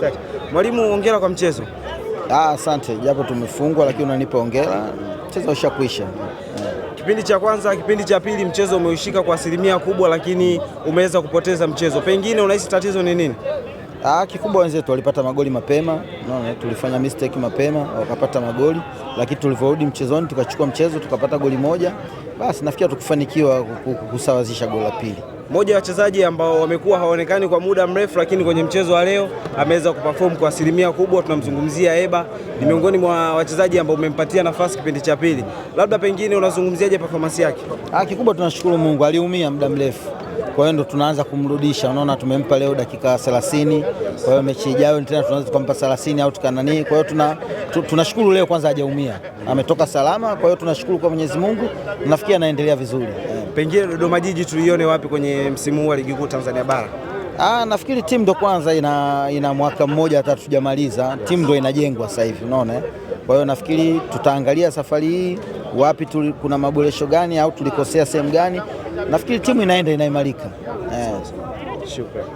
start. Mwalimu, hongera kwa mchezo. Ah, asante, japo tumefungwa lakini unanipa hongera, mchezo ushakuisha. Kipindi cha kwanza, kipindi cha pili, mchezo umeushika kwa asilimia kubwa, lakini umeweza kupoteza mchezo. Pengine unahisi tatizo ni nini? Ah, kikubwa wenzetu walipata magoli mapema, unaona tulifanya mistake mapema, wakapata magoli, lakini tulivyorudi mchezoni tukachukua mchezo tukapata goli moja, basi nafikiri tukufanikiwa kusawazisha goli la pili. Mmoja wa wachezaji ambao wamekuwa hawaonekani kwa muda mrefu, lakini kwenye mchezo wa leo ameweza kuperform kwa asilimia kubwa, tunamzungumzia Eba, ni miongoni mwa wachezaji ambao umempatia nafasi kipindi cha pili, labda pengine unazungumziaje performance yake? Ah, kikubwa tunashukuru Mungu, aliumia muda mrefu kwa hiyo ndo tunaanza kumrudisha, unaona, tumempa leo dakika 30, kwa hiyo mechi ijayo tena tunaanza tukampa 30 au tukanani. Kwa hiyo tuna tunashukuru leo kwanza hajaumia, ametoka salama. Kwa hiyo tunashukuru kwa Mwenyezi Mungu, nafikiri anaendelea vizuri. Pengine Dodoma Jiji tuione wapi kwenye msimu huu wa ligi kuu Tanzania Bara? Ah, nafikiri timu ndo kwanza ina, ina mwaka mmoja hata tujamaliza, timu ndo inajengwa sasa hivi, unaona. Eh? Kwa hiyo nafikiri tutaangalia safari hii wapi tuli, kuna maboresho gani au tulikosea sehemu gani nafikiri timu inaenda inaimarika eh. Shukrani.